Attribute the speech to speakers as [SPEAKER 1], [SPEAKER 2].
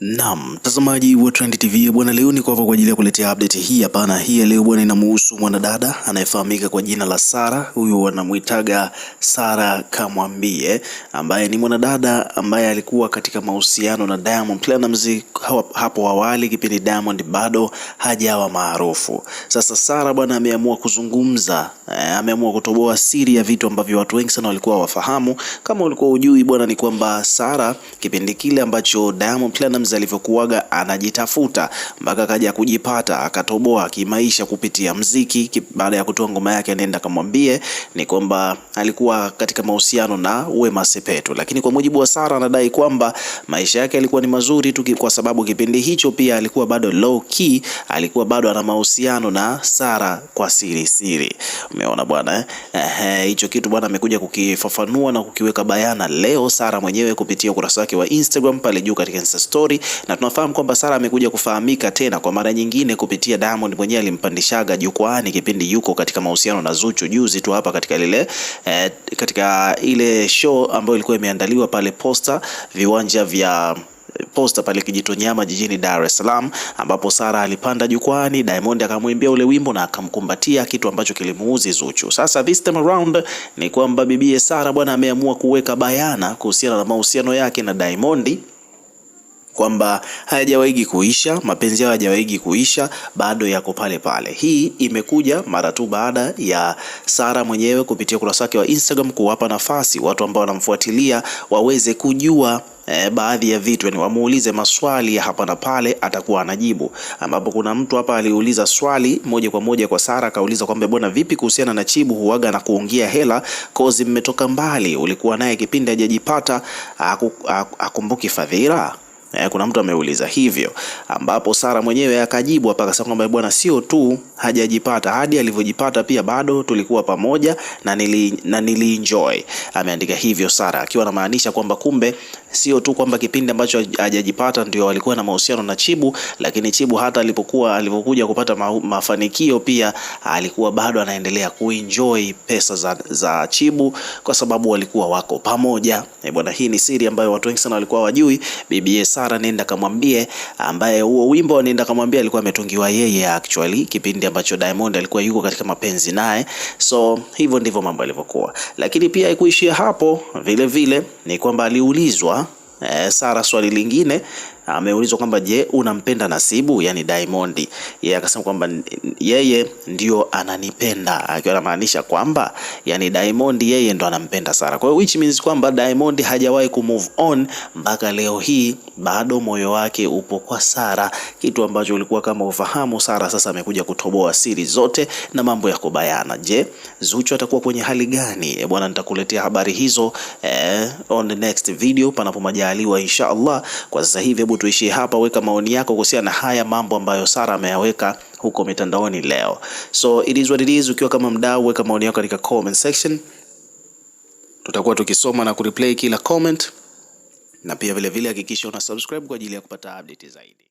[SPEAKER 1] Naam, mtazamaji wa Trend TV bwana, leo niko hapa kwa ajili ya kuletea update hii hapa na hii leo bwana, inamhusu mwanadada anayefahamika kwa jina la Sara. Huyu wanamuitaga Sara Kamwambie, ambaye ni mwanadada ambaye alikuwa katika mahusiano na Diamond Platinumz hapo awali, kipindi Diamond bado hajawa maarufu. Sasa Sara bwana ameamua kuzungumza eh, ameamua kutoboa siri ya vitu ambavyo watu wengi sana walikuwa wafahamu. Kama ulikuwa ujui bwana, ni kwamba Sara kipindi kile ambacho Diamond Platinumz James alivyokuwaga anajitafuta mpaka akaja kujipata akatoboa kimaisha kupitia mziki. Baada ya kutoa ngoma yake anaenda kamwambie, ni kwamba alikuwa katika mahusiano na Wema Sepetu, lakini kwa mujibu wa Sara anadai kwamba maisha yake yalikuwa ni mazuri tu, kwa sababu kipindi hicho pia alikuwa bado low key, alikuwa bado ana mahusiano na Sara kwa siri siri. Umeona bwana eh, hicho kitu bwana amekuja kukifafanua na kukiweka bayana leo Sara mwenyewe kupitia ukurasa wake wa Instagram pale juu katika Insta story na tunafahamu kwamba Sara amekuja kufahamika tena kwa mara nyingine kupitia Diamond mwenyewe alimpandishaga jukwaani kipindi yuko katika mahusiano na Zuchu juzi tu hapa katika lile e, katika ile show ambayo ilikuwa imeandaliwa pale Posta viwanja vya eh, Posta pale Kijitonyama jijini Dar es Salaam, ambapo Sara alipanda jukwani, Diamond akamwimbia ule wimbo na akamkumbatia, kitu ambacho kilimuuzi Zuchu. Sasa this time around ni kwamba bibie Sara bwana ameamua kuweka bayana kuhusiana na mahusiano yake na Diamond kwamba hayajawahi kuisha, mapenzi yao hayajawahi kuisha, bado yako pale pale. Hii imekuja mara tu baada ya Sara mwenyewe kupitia ukurasa wake wa Instagram kuwapa nafasi watu ambao wanamfuatilia waweze kujua eh, baadhi ya vitu yani, wamuulize maswali ya hapa na pale, atakuwa anajibu. Ambapo kuna mtu hapa aliuliza swali moja kwa moja kwa Sara, akauliza kwamba bwana, vipi kuhusiana na Chibu huaga na kuongea hela? Kozi mmetoka mbali, ulikuwa naye kipindi hajajipata, akumbuki fadhila Eh, kuna mtu ameuliza hivyo, ambapo Sara mwenyewe akajibu hapa akasema kwamba bwana, sio tu hajajipata, hadi alivyojipata pia bado tulikuwa pamoja na nili na nilienjoy. Ameandika hivyo Sara, akiwa anamaanisha kwamba kumbe sio tu kwamba kipindi ambacho hajajipata ndio alikuwa na mahusiano na Chibu, lakini Chibu hata alipokuwa alipokuja kupata ma, mafanikio pia alikuwa bado anaendelea kuenjoy pesa za, za Chibu kwa sababu walikuwa wako pamoja. E bwana, hii ni siri ambayo watu wengi sana walikuwa wajui. BBS Sara nenda kamwambie, ambaye huo wimbo nenda kamwambie alikuwa ametungiwa yeye actually, kipindi ambacho Diamond alikuwa yuko katika mapenzi naye. So hivyo ndivyo mambo yalivyokuwa, lakini pia haikuishia hapo. Vile vile ni kwamba aliulizwa eh, Sara swali lingine ameulizwa kwamba je, unampenda Nasibu yani Diamond? Yeye akasema kwamba yeye ndio ananipenda, akiwa anamaanisha kwamba yani Diamond yeye ndo anampenda Sara. Kwa hiyo which means kwamba Diamond hajawahi ku move on mpaka leo hii, bado moyo wake upo kwa Sara, kitu ambacho ulikuwa kama ufahamu. Sara sasa amekuja kutoboa siri zote na mambo ya kubayana. Je, Zuchu atakuwa kwenye hali gani? Eh, bwana, nitakuletea habari hizo eh, on the next video panapo majaliwa inshallah. Kwa sasa hivi hebu tuishie hapa. Weka maoni yako kuhusiana na haya mambo ambayo Sara ameyaweka huko mitandaoni leo. So it is what it is. Ukiwa kama mdau, weka maoni yako katika comment section, tutakuwa tukisoma na kureplay kila comment, na pia vilevile hakikisha una subscribe kwa ajili ya kupata update zaidi.